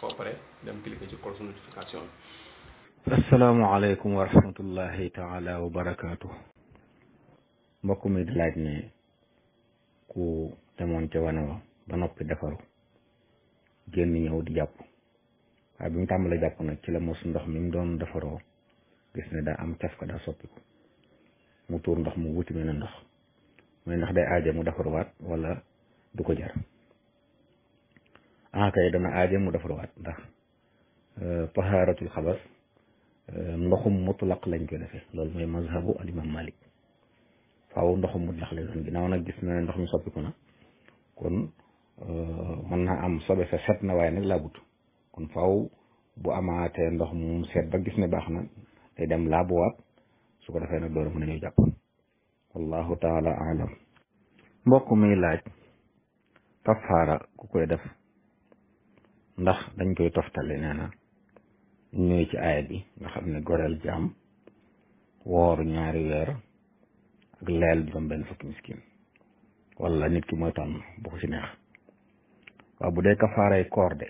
foo pare dem cliquer wa barakaatu mbokk mi di laaj ne ku demoon ca wane ba noppi defaru génn ñëw di jàpp waaye bi mu tàmbalee jàpp nag ci la mos ndox mi mu doon defaroo gis ne daa am caf ka daa soppiku mu tuur ndox mu wuti mel ne ndox mu ne ndax day aaje mu defaruwaat wala du ko jar hakay dana aaje mu defarwaat ndax tahaaratul xabas ndoxum mutlaq lañ koy defee loolu mooy mazhabu al imam malik faaw ndoxum mutlaq lay doon ginnaaw nag gis na ndox mi soppiku na kon mën naa am sobe sa set na waaye nag laabut kon faaw bu amaatee ndox mu seet ba gis ne baax na day dem laabuwaat su ko defee nag door a mën a ñëw jàpp wallahu taala alam mbokk mi laaj tafaara ku koy def ndax dañ koy toftale nee na ñëw ci aaya bi nga xam ne goreel jaam wooru ñaari weer ak leel juróom benn fukki miskin wala nit ki mooy tànn bu ko ci neex waaw bu dee kafaaray koor de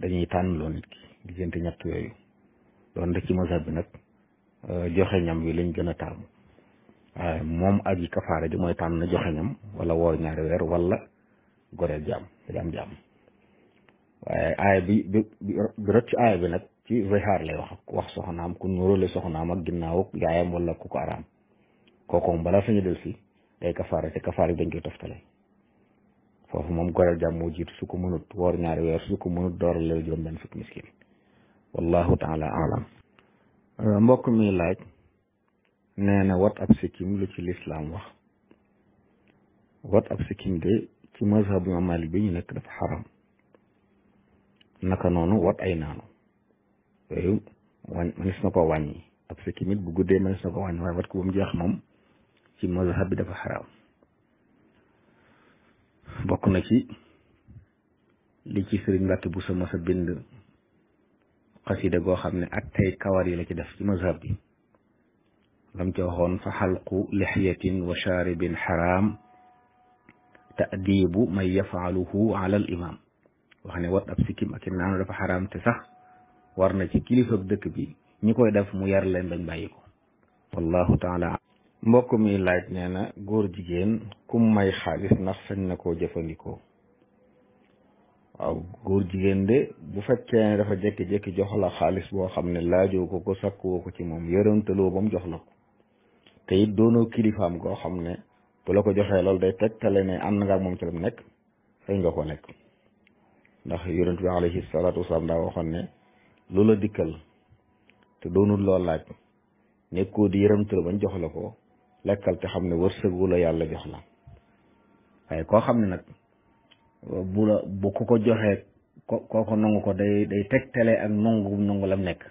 dañuy tànn loo nit ki diggante ñett yooyu doon da ci mazhab bi nag euh, joxe ñam wi lañ gën a taamu waaye moom aji kafaara ji mooy tànn joxe ñam wala woor ñaari weer walla goreel jaam da jaam jaam waaye bi bi bi rëcc bi nag ci zihar lay wax wax soxnaam ku nuróole soxnaam ak ginnaaw ak yaayam wala ku ko araam kooku moom balaa sañu del si day kafaara te kafaar bi dañ koy toftale foofu moom goreel jàmm moo jiitu su ko mënut woor ñaari weer su ko mënut door la juróom benn fukki miskin wallahu taala alam euh, mbokk mi laaj nee na wat ab sikkim lu ci lislaam wax wat ab sikkim de ci mazhabu Maalik bi ñu nekk dafa xaram naka wat ay naanu yooyu wañ mënees na koo wàññi ab kimit bu guddee manis na wani. wàññi wat ko ba mu jeex moom ci mazhab bi dafa xaraam bokk na ci li ci sëriñ Mbàkke bu sa mos a bind xasida goo xam ne ak tey kawar yi la ci def ci mazhab bi lam ci waxoon fa xalqu lixyatin wa shaaribin xaraam taadibu man yafaaluhu ala al wax ne wat ab sikkim ak i naanu dafa sax war na ci kilifa dëkk bi ñi koy def mu yar leen bañ bàyyi ko wallahu taala mbokk mi laaj nee na góor jigéen kum may xaalis ndax sañ na koo jëfandikoo waaw góor jigéen de bu fekkee ne dafa jékki-jékki jox la xaalis boo xam ne laajoo ko ko sakkuwoo ci moom yërëntaloo ba mu jox la ko te it doonoo kilifaam koo xam ne bu la ko joxee loolu day tegtale ne ànd nga ak moom ci nekk sañ nga ko lekk ndax yonent bi alayhi salaatu wasalaam daa waxoon ne lu la dikkal te doonul lool laaj nekkoo di yëramtël bañ jox la ko lekkal te xam ne wërsëgu wula yàlla jox la waaye koo xam ne nag bu la bu ku ko joxee ko kooko nangu ko day day tegtalee ak nangu gum la mu nekk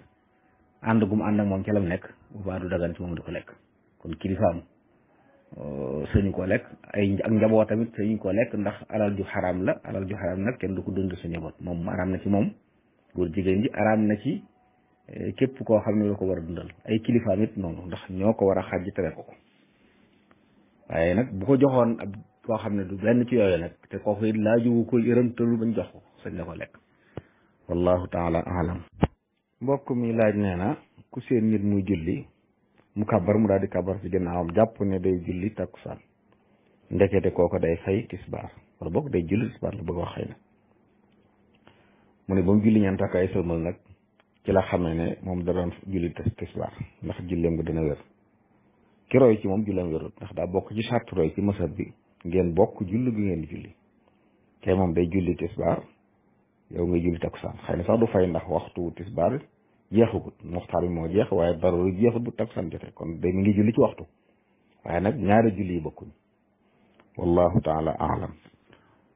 ànd gum ànd ak moom ca lam nekk bu baa du dagan ci moom du ko lekk kon kilifaam Euh, sañu ko lekk ay ak njaboot tamit sañu ko lekk ndax alal ju xaraam la alal ju xaraam nag kenn du ko dund sa njaboot moom araam na ci moom góor jigéen ji araam na ci eh, képp koo xam ne la ko war a dundal ay kilifaam it noonu ndax ñoo ko war a xàjj tere ko ko waaye nag bu ko joxoon ab koo xam ne du benn ci yooyu nag te koo it laaju ko yërëmtalu bañ jox ko sañ la ko lekk wallahu taala alam mbokk mi laaj nee na ku seen nit muy julli mu kàbbar mu daal di kàbbar ci ginnaawam jàpp ne day julli takkusaan ndekete kooko day fay tisbaar wala boog day julli tisbaar la bëgg wax xëy na mu ne ba mu julli ñeent ak ay sëlmal nag ci la xamee ne moom da doon julli tisbaar ndax julleem nga dina wér ki roy ci moom julleem wérut ndax daa bokk ci sàrt roy ci masab bi ngeen bokk julli gi ngeen julli te moom day julli tisbaar yow nga julli takkusaan xëy na sax du fay ndax waxtu tisbaar jeexagut muxtaar bi moo jeex waaye daruri jeexut bu takkusaan jotee kon day mi ngi julli ci waxtu waaye nag ñaari julli yi bokkuñ wallahu taala alam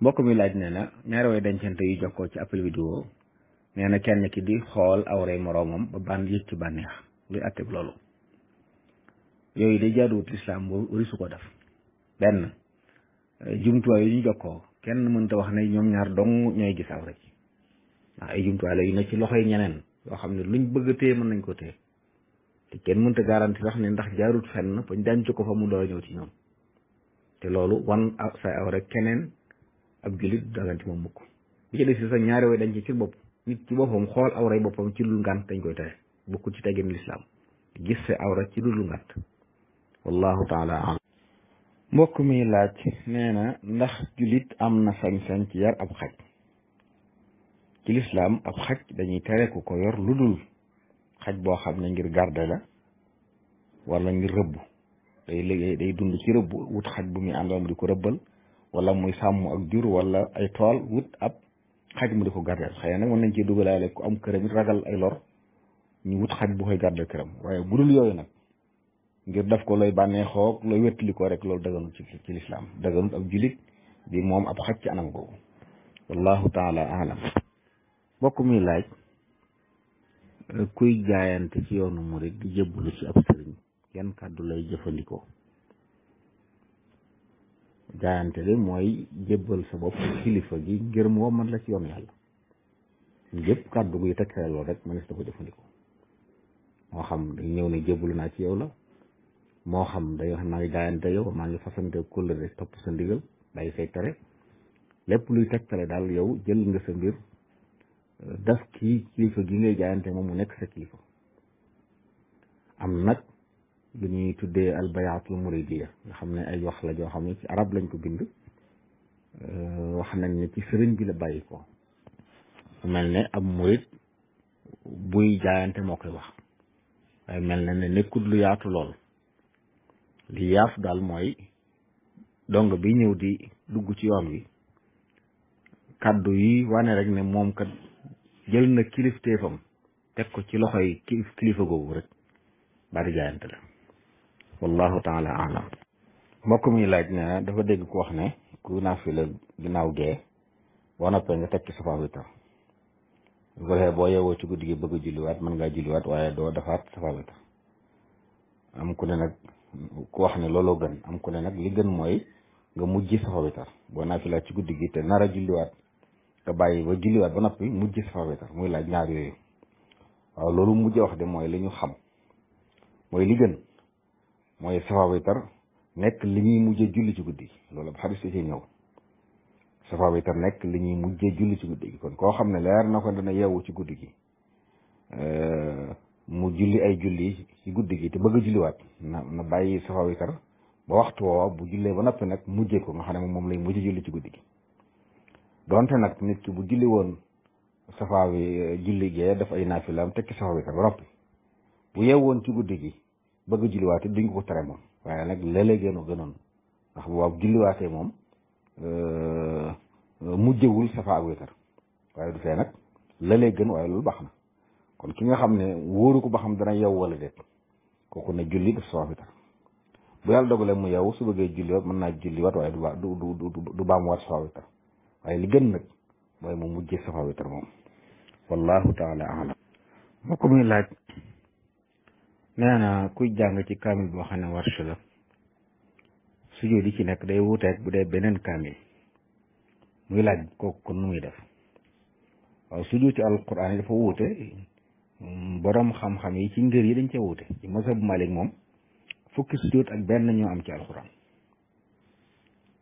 mbokk mi laaj nee na ñaari way dencante yu jokkoo ci appel vidéo nee na kenn ki di xool awray moroomam ba ban yëg ci bànneex luy atteb loolu yooyu day jaaduwut lislaam bu warisu ko def benn jumtuwaay yu ñu jokkoo kenn mënta wax ne ñoom ñaar dong ñooy gis awra ci waaw ay jumtuwaay la yu ne ci loxoy ñeneen yoo xam ne luñ bëgg a mën nañ ko téye te kenn mënta garanti sax ne ndax jaarut fenn bañ denc ko mu doon ñëw ci ñoom loolu wan sa aw keneen ab jullit daganti moom mukk bi ci des si sa ñaari way dañ ci ci bopp nit ci boppam xool awray boppam ci lul ngànt dañ koy tere bokkul ci tegin lislaam gis sa awra ci lul ngànt wallahu taala alam mbokk mi laaj nee na ndax jullit am na sañ-sañ ci yar ab xaj ci lislaam ab xaj dañuy tere ku ko yor lu dul xaj boo xam ne ngir garde la wala ngir rëbb day liggéey day dund ci rëbb wut xaj bu muy àndal mu di ko rëbbal wala muy sàmm ak jur wala ay tool wut ab xaj mu di ko gardeel xëy nag mën nañ cee dugalaale ku am këram ragal ay lor ñu wut xaj bu koy gardeel këram waaye bu dul yooyu nag ngir def ko looy bànneexoo looy wettali ko rek loolu daganut ci ci lislaam daganut ab julit di moom ab xaj ci anam googu wallahu taala alam mbokk mi laaj kuy jaayante ci yoonu murit di jébbalu ci ab sëriñ yan kàddu lay jëfandikoo jaayante de mooy jébbal sa bopp kilifa gi ngir mu wommat la ci yoon yàlla yëpp kàddu guy tekkee loolu rek mënees na ko jëfandikoo moo xam day ñëw ne jébbalu naa ci yow la moo xam dañu wax naa ngi jaayante yow maa ngi fasante kóllëre topp sa ndigal bàyyi say tere lépp luy tegtale daal yow jël nga sa mbir daf kii kilifa gi ngay jaayante moom mu nekk sa kilifa am nag lu ñuy tuddee albayaatul muridiya nga xam ne ay wax la joo xam ne ci arab lañ ko bind euh, wax nañ ne ci sëriñ bi la bàyyi ko mel ne am murid buy jaayante moo koy wax waaye mel na ne nekkut lu yaatu lool li yaatu daal mooy dong bi ñëw di dugg ci yoon wi kàddu yi wane rek ne moom kat jël na kilifteefam teg ko ci loxoy kilif kilifa googu rek bari jaayante la wallahu taala alam mbokk mi laaj ne dafa dégg ku wax ne ku naafila ginnaaw gee boo noppee nga teg ci sa fawitar boo yeewoo ci guddi gi bëgg julliwaat mën ngaa julliwaat waaye doo defaat sa fawitar am ku ne nag ku wax ne looloo gën am ku ne nag li gën mooy nga mujj sa fawitar boo naafila ci guddi gi te nar julliwaat te bàyyi ba julliwaat ba noppi mujj safa wetar muy laaj ñaar yooyu waaw loolu mujj wax de mooy lañu xam mooy li gën mooy safa nekk li ñuy mujj julli ci guddi loolu ab xarit si ñëw safa nekk li ñuy mujj julli ci gi kon koo xam ne leer na ko dana yeewu ci guddi gi euh, mu julli ay julli ci guddi gi te bëgg a julliwaat na na bàyyi safa wetar ba waxtu woowa bu jullee ba noppi nag mujjee ko nga xam ne moom lay mujj julli ci guddi gi. donte nag nit ki bu julli woon safa wi julli gee def ay naafilaam tekki safa wi tam roppi bu yeewoon ci guddi gi bëgg a julliwaate duñ ko tere moom waaye nag lële gënu gënoon ndax bu waaw moom euh, euh, mujjewul safa ak witar waaye du fee nag lële baax na kon ki nga xam ne wóoru ko ba xam dana yow wala déet kooku ne julli def safa witar bu yàlla dogalee mu yow su bëggee julliwaat mën naa julliwaat waaye du ba du du du baamuwaat safa witar waaye li gën nag mooy mu mujjee safa witar moom wallahu taala alam moo ko muy laaj nee kuy jàng ci kaamil boo xam ne warsh la sujud yi ci nekk day wuuteeg bu dee beneen kaamil muy laaj kooku kon nu muy def waaw sujud ci alquran yi dafa wuute borom xam-xam yi ci ngër yi dañ cee wuute ci mazhab Malik moom fukki sujud ak benn ñoo am ci alquran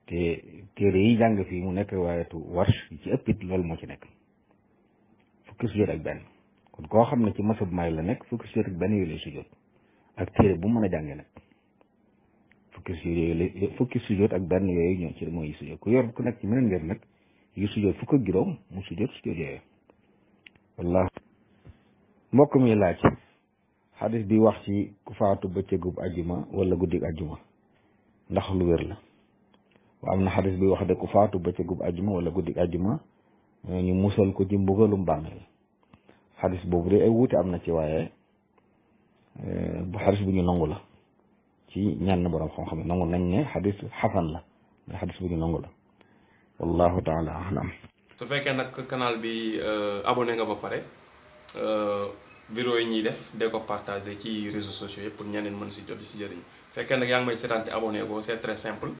te téere yi jàng fii mu nekk riwaayatu warsh yi ci ëppit loolu moo ci nekk fukki sujjóot ak benn kon koo xam ne ci masab maay la nekk fukki sujjóot ak benn yooyu lay sujjóot ak téere bu mën a jàngee nag fukki sujjóot ak benn ñoo ci mooy ku yor ku nekk ci meneen ngeen nag yu sujjóot fukk ak juróom mu sujjóot sujjóot yooyu wallaahi mbokk mi laaj xadis bi wax ci ku faatu bëccëgub ajjuma wala guddig ajjuma ndax lu wér la amna hadith bi wax de ku faatu ba ca gub ajuma wala guddik aljuma eh, ñu musal ko ci mbugalum bàmmeel hadith bobu re ay wuti amna ci waye euh bu hadith bu ñu nangu la ci ñenn borom xam-xam nangu nañ ne hadith hasan la hadith bu ñu nangu la wallahu taala alam su fekke nak canal bi euh abonné nga ba paré euh vidéo yi ñi def de ko partager ci réseaux sociaux pour ñaneen mën ci jot ci jëriñ fekke nak yaang may sétante abonné go c'est très simple